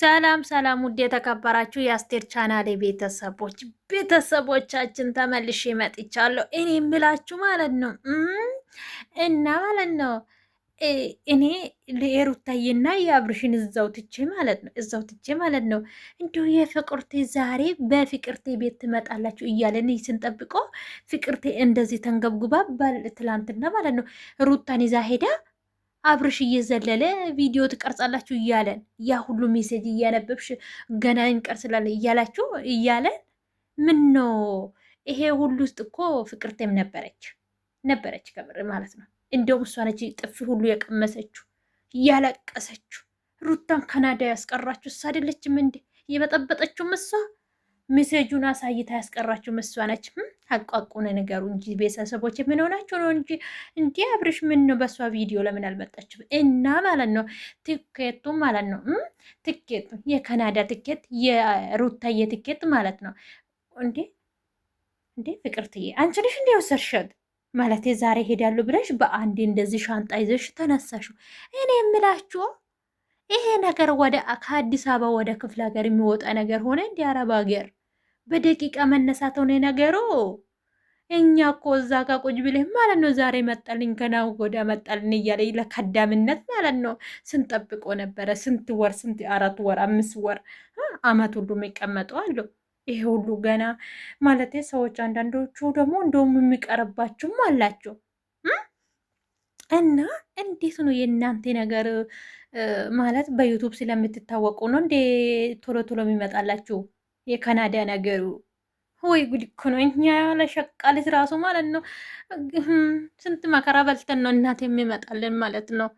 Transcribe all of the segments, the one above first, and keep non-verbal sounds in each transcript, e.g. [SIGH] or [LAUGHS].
ሰላም ሰላም፣ ውድ የተከበራችሁ የአስቴር ቻናል ቤተሰቦች ቤተሰቦቻችን ተመልሼ መጥቻለሁ። እኔ የምላችሁ ማለት ነው እና ማለት ነው እኔ የሩታዬና የአብርሽን እዛው ትቼ ማለት ነው እዛው ትቼ ማለት ነው እንዲሁ የፍቅርቴ ዛሬ በፍቅርቴ ቤት ትመጣላችሁ እያለን ስንጠብቆ ፍቅርቴ እንደዚህ ተንገብጉባ ትላንትና ማለት ነው ሩታን ይዛ ሄዳ አብርሽ እየዘለለ ቪዲዮ ትቀርጻላችሁ እያለን ያ ሁሉ ሜሴጅ እያነበብሽ ገና እንቀርስላለን እያላችሁ እያለን ምን ነው ይሄ ሁሉ ውስጥ እኮ ፍቅርቴም ነበረች ነበረች ከምር ማለት ነው። እንደውም እሷ ነች ጥፊ ሁሉ የቀመሰችው እያለቀሰችው ሩታን ካናዳ ያስቀራችሁ እሷ አይደለችም እንዴ የበጠበጠችውም እሷ ሚሴጁን አሳይታ ያስቀራችሁ መስዋ ነች። አቋቁነ ነገሩ እንጂ ቤተሰቦች የምንሆናችሁ ነው እንጂ እንዲ አብርሽ ምን ነው በእሷ ቪዲዮ ለምን አልመጣችም? እና ማለት ነው ትኬቱ ማለት ነው ትኬቱ የካናዳ ትኬት የሩታዬ ትኬት ማለት ነው። እንዴ እንዴ ፍቅርትዬ አንቺ ነሽ እንዲ ወሰርሸት ማለት ዛሬ ሄዳሉ ብለሽ በአንድ እንደዚህ ሻንጣ ይዘሽ ተነሳሹ። እኔ የምላችሁ ይሄ ነገር ወደ ከአዲስ አበባ ወደ ክፍለ ሀገር የሚወጣ ነገር ሆነ እንዲ አረብ ሀገር በደቂቃ መነሳት ሆነ ነገሩ። እኛ እኮ እዛ ጋር ቁጭ ብለህ ማለት ነው ዛሬ መጣልኝ ከናው ጎዳ መጣልን እያለ ለከዳምነት ማለት ነው ስንጠብቆ ነበረ። ስንት ወር ስንት አራት ወር አምስት ወር አመት ሁሉ የሚቀመጡ አሉ። ይሄ ሁሉ ገና ማለት ሰዎች አንዳንዶቹ ደግሞ እንደውም የሚቀርባችሁም አላቸው። እና እንዴት ነው የእናንተ ነገር? ማለት በዩቱብ ስለምትታወቁ ነው እንዴ ቶሎ ቶሎ የሚመጣላችሁ? የካናዳ ነገሩ ወይ ጉድ እኮ ነው። እኛ ያለ ለሸቃሊት ራሱ ማለት ነው ስንት መከራ በልተን ነው እናት የሚመጣልን ማለት ነው።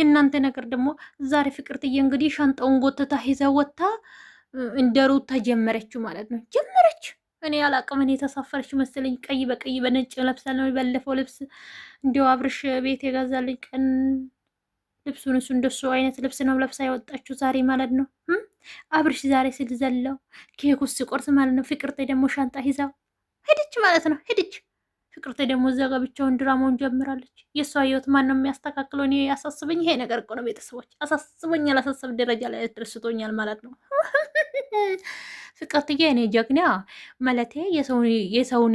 የእናንተ ነገር ደግሞ ዛሬ ፍቅርትዬ እንግዲህ ሻንጣውን ጎትታ ይዛ ወጥታ እንደ ሩታ ጀመረችው ማለት ነው። ጀመረች እኔ አላቅም። እኔ የተሳፈረች መሰለኝ። ቀይ በቀይ በነጭ ለብሳለሁ። ባለፈው ልብስ እንዲያው አብርሽ ቤት የገዛልኝ ቀን ልብሱን እሱ እንደሱ አይነት ልብስ ነው ለብሳ ያወጣችሁ ዛሬ ማለት ነው። አብርሽ ዛሬ ስል ዘለው ኬክ ውስጥ ሲቆርስ ማለት ነው። ፍቅርተ ደግሞ ሻንጣ ይዛው ሄደች ማለት ነው። ሄደች ፍቅርተ ደግሞ እዛ ጋ ብቻውን ድራማውን ጀምራለች። የእሷ ህይወት ማን ነው የሚያስተካክለው? እኔ ያሳስበኝ ይሄ ነገር እኮ ነው ቤተሰቦች፣ አሳስበኛል። አሳሰብ ደረጃ ላይ ደርስቶኛል ማለት ነው። ፍቅርትዬ እኔ ጀግና ማለቴ የሰውን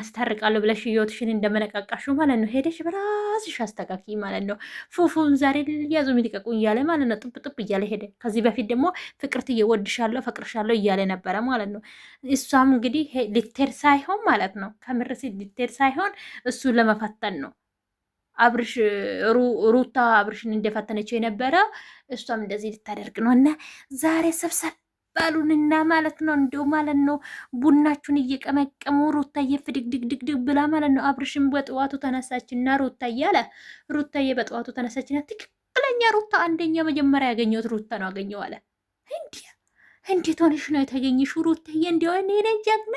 አስታርቃለሁ ብለሽ ህይወትሽን እንደመነቃቃሹ ማለት ነው። ሄደሽ በራስሽ አስተካኪ ማለት ነው። ፉፉን ዛሬ ያዙ የሚልቀቁ እያለ ማለት ነው። ጥብ ጥብ እያለ ሄደ። ከዚህ በፊት ደግሞ ፍቅርትዬ ወድሻለሁ፣ ፈቅርሻለሁ እያለ ነበረ ማለት ነው። እሷም እንግዲህ ሊቴር ሳይሆን ማለት ነው ከምርስ ሊቴር ሳይሆን እሱ ለመፈተን ነው አብርሽ ሩታ አብርሽን እንደፈተነችው የነበረ እሷም እንደዚህ ልታደርግ ነው እና ዛሬ ሰብሰብ በሉንና ማለት ነው እንደው ማለት ነው ቡናችሁን እየቀመቀሙ ሩታዬ ፍድግድግድግድግ ብላ ማለት ነው። አብርሽም በጠዋቱ ተነሳችና ሩታዬ አለ ሩታዬ በጠዋቱ ተነሳችና ትክክለኛ ሩታ አንደኛ መጀመሪያ ያገኘሁት ሩታ ነው አገኘው አለ። እንዲህ እንዴት ሆነሽ ነው የተገኘሽ ሩታዬ? እንዲው እኔ ነኝ ጀግና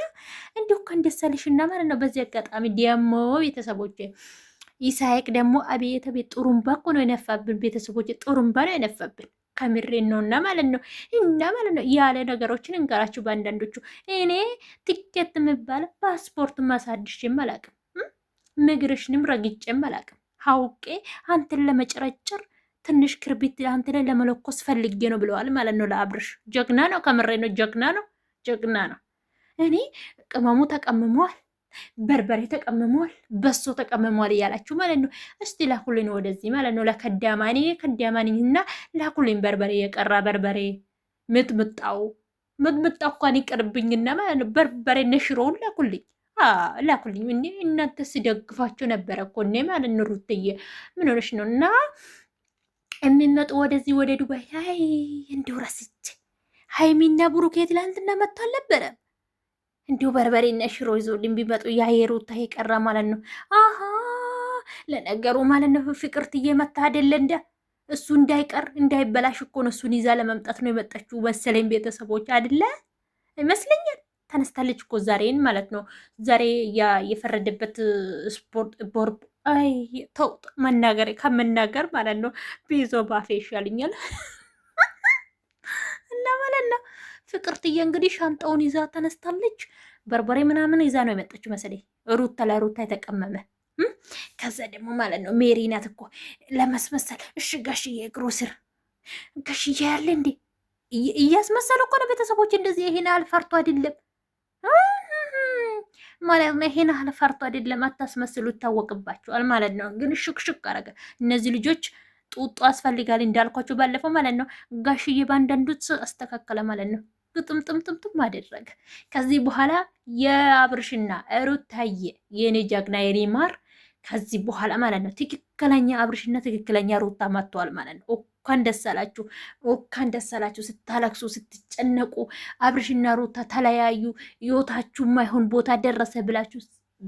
እንዲሁ ከንደሳልሽና ማለት ነው። በዚህ አጋጣሚ ደግሞ ቤተሰቦች ይሳይቅ ደግሞ አቤት አቤት ጥሩምባ እኮ ነው የነፋብን ቤተሰቦች ጥሩምባ ነው የነፋብን ከምሬን ነው እና ማለት ነው እና ማለት ነው ያለ ነገሮችን እንገራችሁ። በአንዳንዶቹ እኔ ትኬት የምባለ ፓስፖርት ማሳድሽም አላቅም፣ ምግርሽንም ረግጬም አላቅም። ሀውቄ አንተን ለመጨረጨር ትንሽ ክርቢት አንተ ላይ ለመለኮስ ፈልጌ ነው ብለዋል ማለት ነው ለአብርሽ። ጀግና ነው፣ ከምሬ ነው። ጀግና ነው፣ ጀግና ነው። እኔ ቅመሙ ተቀምሟል። በርበሬ ተቀምሟል፣ በሶ ተቀምሟል እያላችሁ ማለት ነው። እስቲ ላኩልን ወደዚህ ማለት ነው። ለከዳማኒ ከዳማኒና ላኩልን በርበሬ፣ የቀራ በርበሬ ምጥምጣው ምጥምጣ እንኳን ይቀርብኝና ማለት ነው። በርበሬ ነሽሮውን ላኩልኝ ላኩልኝ። እኔ እናንተ ስደግፋቸው ነበረ እኮ እኔ ማለት ነው። ሩትዬ ምን ሆነሽ ነው? እና የሚመጡ ወደዚህ ወደ ዱባይ አይ እንዲሁ ረስቼ ሀይሚና ብሩኬ ትላንትና መጥቶ አልነበረ እንዲሁ በርበሬና ሽሮ ይዞልን ቢመጡ ታ የቀረ ማለት ነው። አሀ ለነገሩ ማለት ነው ፍቅርትዬ መታ አይደለ እንደ እሱ እንዳይቀር እንዳይበላሽ እኮ ነው እሱን ይዛ ለመምጣት ነው የመጣችው መሰለኝ። ቤተሰቦች አደለ ይመስለኛል። ተነስታለች እኮ ዛሬን ማለት ነው። ዛሬ የፈረደበት ስፖርት ቦርብ ተውጥ መናገር ከመናገር ማለት ነው። ቢዞ ባፌ ይሻልኛል [LAUGHS] እና ማለት ነው ፍቅርትዬ እንግዲህ ሻንጣውን ይዛ ተነስታለች። በርበሬ ምናምን ይዛ ነው የመጣችው መሰለኝ። ሩታ ለሩታ የተቀመመ ከዛ ደግሞ ማለት ነው ሜሪ ናት እኮ ለመስመሰል። እሺ ጋሽዬ እግሩ ስር ጋሽዬ ያለ እንዴ እያስመሰለ እኮ ነው። ቤተሰቦች እንደዚህ ይሄን ፈርቶ አይደለም ማለት ነው። ይሄን ፈርቶ አይደለም አታስመስሉ፣ ይታወቅባቸዋል ማለት ነው። ግን ሽክሽክ አረገ። እነዚህ ልጆች ጡጦ አስፈልጋል እንዳልኳቸው ባለፈው ማለት ነው። ጋሽዬ በአንዳንዱ አስተካከለ ማለት ነው። ግጥምጥምጥምጥም አደረገ። ከዚህ በኋላ የአብርሽና ሩታዬ የኔ ጀግና የኔ ማር ከዚህ በኋላ ማለት ነው ትክክለኛ አብርሽና ትክክለኛ ሩታ መጥተዋል ማለት ነው። እንኳን ደስ አላችሁ፣ እንኳን ደስ አላችሁ። ስታለቅሱ ስትጨነቁ አብርሽና ሩታ ተለያዩ፣ ህይወታችሁ ማይሆን ቦታ ደረሰ ብላችሁ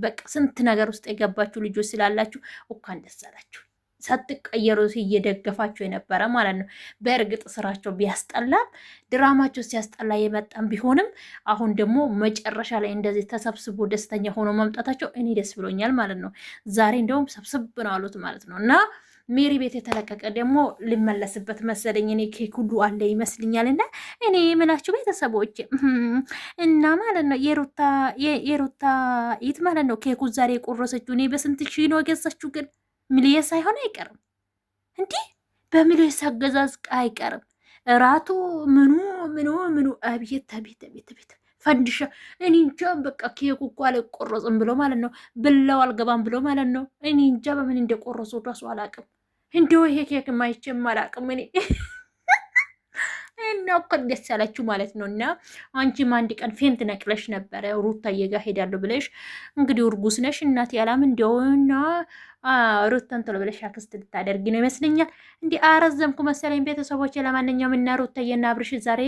በቃ ስንት ነገር ውስጥ የገባችሁ ልጆች ስላላችሁ እንኳን ደስ አላችሁ። ሳትቀየሩ እየደገፋቸው የነበረ ማለት ነው። በእርግጥ ስራቸው ቢያስጠላም ድራማቸው ሲያስጠላ የመጣም ቢሆንም አሁን ደግሞ መጨረሻ ላይ እንደዚህ ተሰብስቦ ደስተኛ ሆኖ መምጣታቸው እኔ ደስ ብሎኛል ማለት ነው። ዛሬ እንደውም ሰብስብ ነው አሉት ማለት ነው እና ሜሪ ቤት የተለቀቀ ደግሞ ልመለስበት መሰለኝ። እኔ ኬክ ሁሉ አለ ይመስልኛል። እና እኔ የምላችሁ ቤተሰቦች እና ማለት ነው የሩታ የሩታ ይት ማለት ነው ኬኩ ዛሬ የቆረሰችው እኔ በስንት ሺህ ነው የገዛችሁ ግን ሚልየስ ሳይሆን አይቀርም እንዲህ በሚልየስ አገዛዝ አይቀርም። እራቱ ምኑ ምኑ ምኑ አብየት አቤት አቤት አቤት ፈንድሻ። እኔ እንጃ በቃ ኬኩ እኮ አልቆረጽም ብሎ ማለት ነው፣ ብለው አልገባም ብሎ ማለት ነው። እኔ እንጃ በምን እንደቆረሱ እራሱ አላቅም። እንዲሁ ይሄ ኬክ ማይቼም አላቅም እኔ እናውቀን ደስ ያላችሁ ማለት ነው። እና አንቺም አንድ ቀን ፌንት ነቅለሽ ነበረ ሩታዬ ጋር ሄዳለሁ ብለሽ እንግዲህ እርጉዝ ነሽ እናት ያላም እንዲሆና ሩታን ቶሎ ብለሽ አክስት ልታደርጊ ነው ይመስለኛል። እንዲህ አረዘምኩ መሰለኝ ቤተሰቦች። ለማንኛውም እና ሩታዬና አብርሽ ዛሬ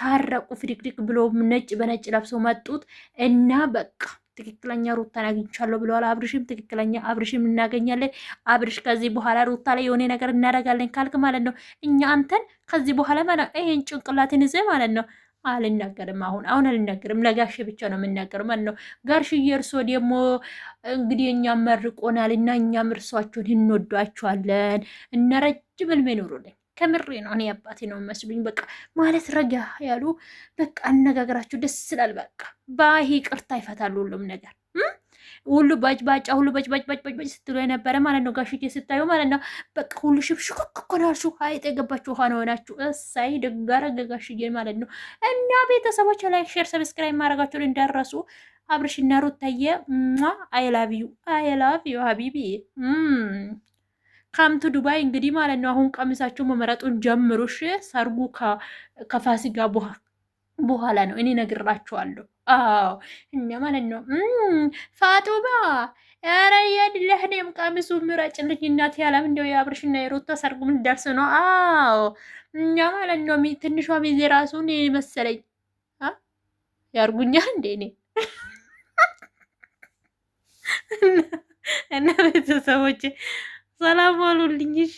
ታረቁ። ፍድግድግ ብሎ ነጭ በነጭ ለብሰው መጡት እና በቃ ትክክለኛ ሩታን አግኝቻለሁ ብለዋል። አብርሽም ትክክለኛ አብርሽም እናገኛለን። አብርሽ ከዚህ በኋላ ሩታ ላይ የሆነ ነገር እናደርጋለን ካልክ ማለት ነው እኛ አንተን ከዚህ በኋላ ማለት ይሄን ጭንቅላትን ይዘህ ማለት ነው አልናገርም አሁን አሁን አልናገርም። ለጋሽ ብቻ ነው የምናገር ማለት ነው። ጋሽዬ እርሶ ደግሞ እንግዲህ እኛም መርቆናል እና እኛም እርሷችሁን እንወዷችኋለን እና ረጅም ዕድሜ ይኑሩልን። ከምሬ ነው። እኔ አባቴ ነው መስሉኝ። በቃ ማለት ረጋ ያሉ በቃ አነጋገራችሁ ደስ ስላል በቃ ባይ ቅርታ ይፈታሉ ሁሉም ነገር ሁሉ ባጭባጫ ሁሉ በጭባጭባጭባጭ ስትሉ የነበረ ማለት ነው። ጋሽዬ ስታዩ ማለት ነው በቃ ሁሉ ሽብሽኮክ እኮ ናችሁ። አይጥ የገባችሁ ውሃ ነው ሆናችሁ። እሳይ ደጋረገ ጋሽዬ ማለት ነው። እና ቤተሰቦች ላይ ሼር፣ ሰብስክራይብ ማድረጋችሁን እንዳረሱ። አብርሽና ሩታዬ አይ ላቭ ዩ አይ ላቭ ዩ ሀቢቢ ከምቱ ዱባይ እንግዲህ ማለት ነው። አሁን ቀሚሳችሁ መመረጡን ጀምሩሽ። ሰርጉ ከፋሲካ በኋላ ነው፣ እኔ ነግራችኋለሁ። አዎ እኛ ማለት ነው ፋጡማ ኧረ የድለህ ቀሚሱ ምረጭልኝ እናቴ ያለም እንደው የአብርሽና የሩታ ሰርጉ ምን ደርስ ነው? አዎ እኛ ማለት ነው ትንሿ ሚዜ ራሱን መሰለኝ ያርጉኛ እንዴ እኔ [LAUGHS] እና ቤተሰቦች ሰላም አሉልኝ። እሺ